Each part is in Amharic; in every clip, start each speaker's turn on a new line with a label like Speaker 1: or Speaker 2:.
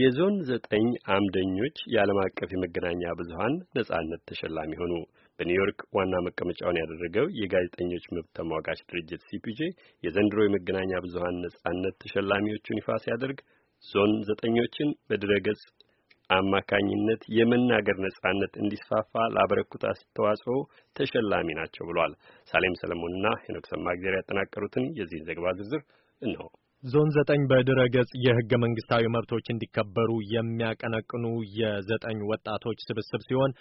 Speaker 1: የዞን ዘጠኝ አምደኞች የዓለም አቀፍ የመገናኛ ብዙሃን ነጻነት ተሸላሚ ሆኑ። በኒውዮርክ ዋና መቀመጫውን ያደረገው የጋዜጠኞች መብት ተሟጋች ድርጅት ሲፒጄ የዘንድሮ የመገናኛ ብዙሃን ነጻነት ተሸላሚዎቹን ይፋ ሲያደርግ ዞን ዘጠኞችን በድረገጽ አማካኝነት የመናገር ነጻነት እንዲስፋፋ ላበረኩት አስተዋጽኦ ተሸላሚ ናቸው ብሏል። ሳሌም ሰለሞንና ሄኖክ ሰማእግዜር ያጠናቀሩትን የዚህን ዘገባ ዝርዝር
Speaker 2: እነሆ። ዞን ዘጠኝ በድረ ገጽ የህገ መንግስታዊ መብቶች እንዲከበሩ የሚያቀነቅኑ የዘጠኝ ወጣቶች ስብስብ ሲሆን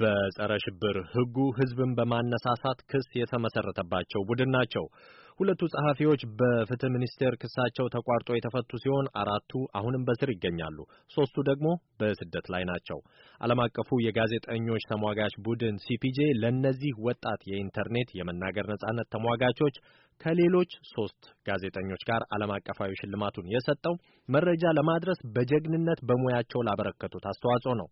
Speaker 2: በጸረ ሽብር ህጉ ህዝብን በማነሳሳት ክስ የተመሰረተባቸው ቡድን ናቸው። ሁለቱ ጸሐፊዎች በፍትህ ሚኒስቴር ክሳቸው ተቋርጦ የተፈቱ ሲሆን አራቱ አሁንም በስር ይገኛሉ። ሶስቱ ደግሞ በስደት ላይ ናቸው። ዓለም አቀፉ የጋዜጠኞች ተሟጋች ቡድን ሲፒጄ ለእነዚህ ወጣት የኢንተርኔት የመናገር ነጻነት ተሟጋቾች ከሌሎች ሶስት ጋዜጠኞች ጋር ዓለም አቀፋዊ ሽልማቱን የሰጠው መረጃ ለማድረስ በጀግንነት በሙያቸው ላበረከቱት አስተዋጽኦ ነው።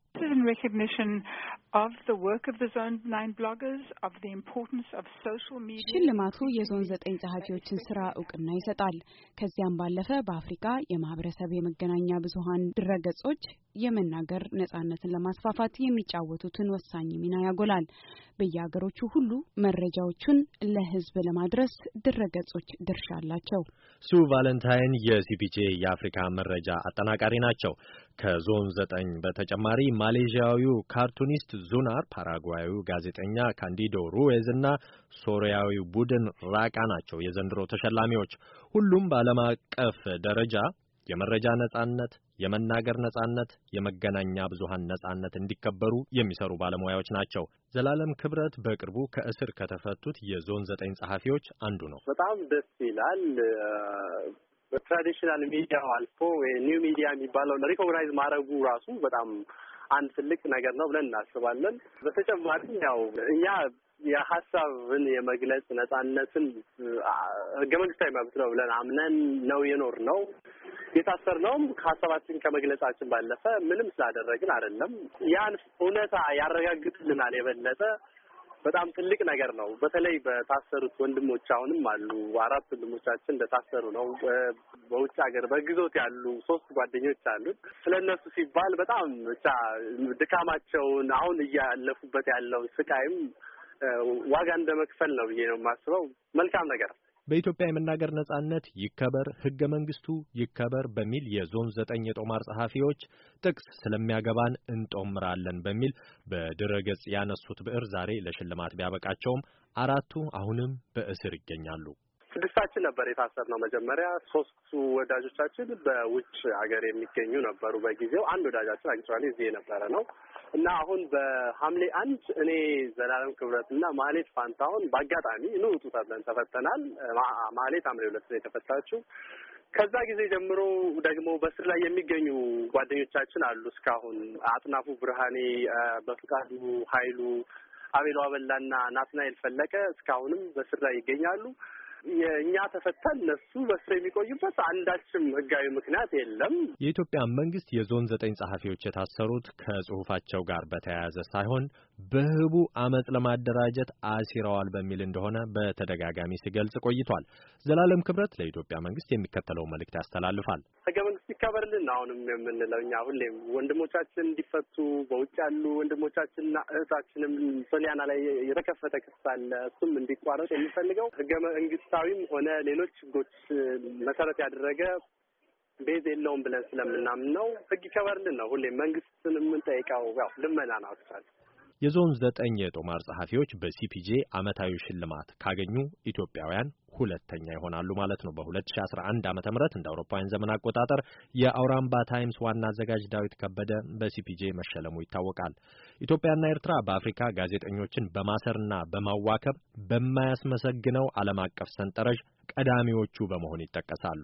Speaker 2: ሽልማቱ የዞን ዘጠኝ የጸሐፊዎችን ስራ እውቅና ይሰጣል። ከዚያም ባለፈ በአፍሪካ የማህበረሰብ የመገናኛ ብዙሀን ድረገጾች የመናገር ነጻነትን ለማስፋፋት የሚጫወቱትን ወሳኝ ሚና ያጎላል። በየሀገሮቹ ሁሉ መረጃዎቹን ለህዝብ ለማድረስ ድረገጾች ድርሻ አላቸው። ሱ ቫለንታይን የሲፒጄ የአፍሪካ መረጃ አጠናቃሪ ናቸው። ከዞን ዘጠኝ በተጨማሪ ማሌዥያዊው ካርቱኒስት ዙናር፣ ፓራጓዩ ጋዜጠኛ ካንዲዶ ሩዌዝ እና ሶሪያዊ ቡድን ራቃ ናቸው የዘንድሮ ተሸላሚዎች። ሁሉም በዓለም አቀፍ ደረጃ የመረጃ ነጻነት የመናገር ነጻነት፣ የመገናኛ ብዙሃን ነጻነት እንዲከበሩ የሚሰሩ ባለሙያዎች ናቸው። ዘላለም ክብረት በቅርቡ ከእስር ከተፈቱት የዞን ዘጠኝ ጸሐፊዎች አንዱ ነው።
Speaker 1: በጣም ደስ ይላል። በትራዲሽናል ሚዲያው አልፎ ኒው ሚዲያ የሚባለው ሪኮግናይዝ ማድረጉ ራሱ በጣም አንድ ትልቅ ነገር ነው ብለን እናስባለን። በተጨማሪም ያው እኛ የሀሳብን የመግለጽ ነጻነትን ህገ መንግስታዊ መብት ነው ብለን አምነን ነው የኖር ነው። የታሰርነውም ከሀሳባችን ከመግለጻችን ባለፈ ምንም ስላደረግን አይደለም። ያን እውነታ ያረጋግጥልናል የበለጠ በጣም ትልቅ ነገር ነው። በተለይ በታሰሩት ወንድሞች አሁንም አሉ። አራት ወንድሞቻችን እንደታሰሩ ነው። በውጭ ሀገር በግዞት ያሉ ሶስት ጓደኞች አሉት። ስለ እነሱ ሲባል በጣም ብቻ ድካማቸውን አሁን እያለፉበት ያለውን ስቃይም ዋጋ እንደመክፈል ነው ብዬ ነው የማስበው። መልካም ነገር
Speaker 2: በኢትዮጵያ የመናገር ነጻነት ይከበር፣ ህገ መንግስቱ ይከበር በሚል የዞን ዘጠኝ የጦማር ጸሐፊዎች ጥቅስ ስለሚያገባን እንጦምራለን በሚል በድረገጽ ያነሱት ብዕር ዛሬ ለሽልማት ቢያበቃቸውም አራቱ አሁንም በእስር ይገኛሉ።
Speaker 1: ስድስታችን ነበር የታሰርነው። መጀመሪያ ሶስቱ ወዳጆቻችን በውጭ ሀገር የሚገኙ ነበሩ። በጊዜው አንድ ወዳጃችን አክቹዋሊ እዚህ የነበረ ነው። እና አሁን በሐምሌ አንድ እኔ ዘላለም ክብረት እና ማሌት ፋንታሁን በአጋጣሚ ኑ ተብለን ተፈተናል። ማሌት ሐምሌ ሁለት ነው የተፈታችው። ከዛ ጊዜ ጀምሮ ደግሞ በስር ላይ የሚገኙ ጓደኞቻችን አሉ። እስካሁን አጥናፉ ብርሃኔ፣ በፍቃዱ ኃይሉ፣ አቤሎ አበላና ናትናኤል ፈለቀ እስካሁንም በስር ላይ ይገኛሉ። የእኛ ተፈተን እነሱ በሱ የሚቆዩበት አንዳችም ህጋዊ ምክንያት የለም።
Speaker 2: የኢትዮጵያ መንግስት የዞን ዘጠኝ ጸሐፊዎች የታሰሩት ከጽሁፋቸው ጋር በተያያዘ ሳይሆን በህቡ አመፅ ለማደራጀት አሲረዋል በሚል እንደሆነ በተደጋጋሚ ሲገልጽ ቆይቷል። ዘላለም ክብረት ለኢትዮጵያ መንግስት የሚከተለው መልእክት ያስተላልፋል።
Speaker 1: ህገ መንግስት ይከበርልን። አሁንም የምንለው እኛ ሁሌም ወንድሞቻችን እንዲፈቱ በውጭ ያሉ ወንድሞቻችንና እህታችንም ሶሊያና ላይ የተከፈተ ክስ አለ። እሱም እንዲቋረጥ የሚፈልገው ህገ መንግስታዊም ሆነ ሌሎች ህጎች መሰረት ያደረገ ቤዝ የለውም ብለን ስለምናምን ነው። ህግ ይከበርልን ነው ሁሌም መንግስትን የምንጠይቀው። ያው ልመና ነው
Speaker 2: የዞን ዘጠኝ የጦማር ጸሐፊዎች በሲፒጄ ዓመታዊ ሽልማት ካገኙ ኢትዮጵያውያን ሁለተኛ ይሆናሉ ማለት ነው። በ2011 ዓ.ም እንደ አውሮፓውያን ዘመን አቆጣጠር የአውራምባ ታይምስ ዋና አዘጋጅ ዳዊት ከበደ በሲፒጄ መሸለሙ ይታወቃል። ኢትዮጵያና ኤርትራ በአፍሪካ ጋዜጠኞችን በማሰርና በማዋከብ በማያስመሰግነው ዓለም አቀፍ ሰንጠረዥ ቀዳሚዎቹ በመሆን ይጠቀሳሉ።